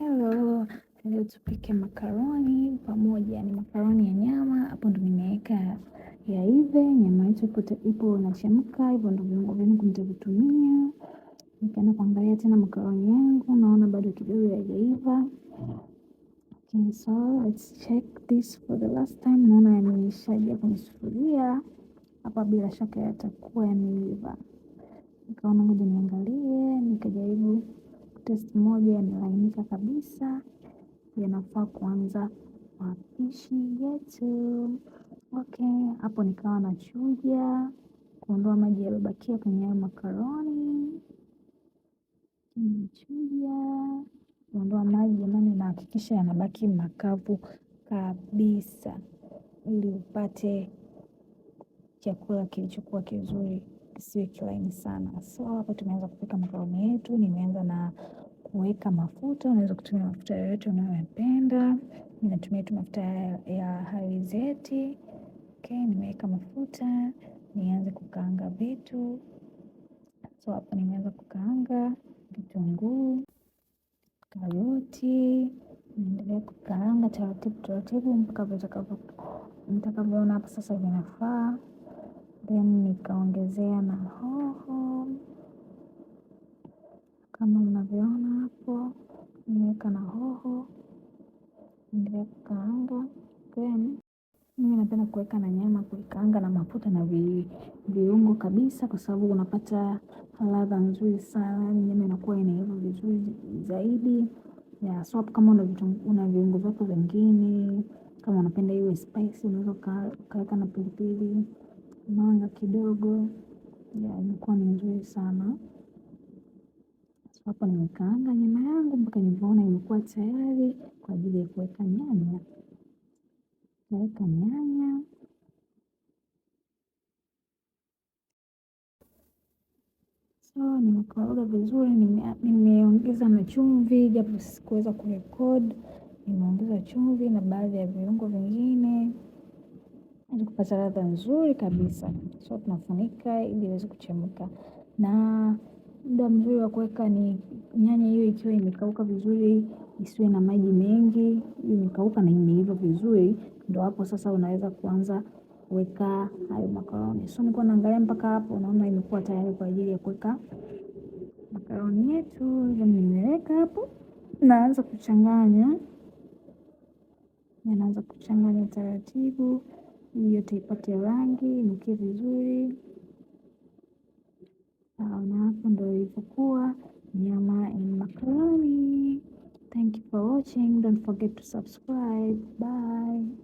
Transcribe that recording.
Hello, leo tupike makaroni pamoja, ni makaroni ya nyama. Hapo ndo nimeweka yaive, nyama yetu ipo inachemka, hivyo ndo viungo vyangu nitavitumia. Nikaenda kuangalia tena makaroni yangu, naona bado kidogo yajaiva Okay, so let's check this for the last time. Naona yameshaja kwenye sufuria hapa, bila shaka yatakuwa yameiva. Nikaona ngoja niangalie, nikajaribu Testi moja yamelainika kabisa, yanafaa kuanza mapishi yetu. Okay, hapo nikawa nachuja kuondoa maji yaliyobakia kwenye hayo makaroni. nachuja kuondoa maji jamani, nahakikisha yanabaki makavu kabisa, ili upate chakula kilichokuwa kizuri isiwe ikiwa sana. So hapa tumeanza kupika makaroni yetu, nimeanza na kuweka mafuta. Unaweza kutumia mafuta yoyote unayoyapenda. Ninatumia tu mafuta ya harizeti. Okay, nimeweka mafuta, nianze kukaanga vitu. So hapa nimeanza kukaanga vitunguu, karoti, naendelea kukaanga taratibu taratibu mpaka mtakavyoona hapa sasa vinafaa. Then nikaongezea na hoho kama mnavyoona hapo, nimeweka na hoho, ndio kukaanga. Then mimi napenda kuweka na nyama, kuikaanga na mafuta na vi, viungo kabisa, kwa sababu unapata ladha nzuri sana, yaani nyama inakuwa inaiva vizuri zaidi ya so hapo. Kama una viungo vyako vingine, kama unapenda iwe spicy, unaweza ukaweka na pilipili nono kidogo ya ilikuwa ni nzuri sana. Hapo nimekaanga nyama yangu mpaka nilipoona imekuwa tayari kwa ajili ya kuweka nyanya. Naweka nyanya so, nimekoroga vizuri, nimeongeza na chumvi, japo sikuweza kurekodi. Nimeongeza chumvi na baadhi ya viungo vingine kupata ladha nzuri kabisa. So tunafunika ili iweze kuchemka, na muda mzuri wa kuweka ni nyanya hiyo ikiwa imekauka vizuri, isiwe na maji mengi, imekauka na imeiva vizuri, ndo hapo sasa unaweza kuanza kuweka hayo makaroni. So nilikuwa naangalia mpaka hapo, unaona imekuwa tayari kwa ajili ya kuweka makaroni yetu. Nimeweka hapo, naanza kuchanganya, naanza kuchanganya taratibu yote ipate rangi nukie vizuri. Ah, na hapo ndo ilivyokuwa nyama in macaroni. Thank you for watching, don't forget to subscribe. Bye.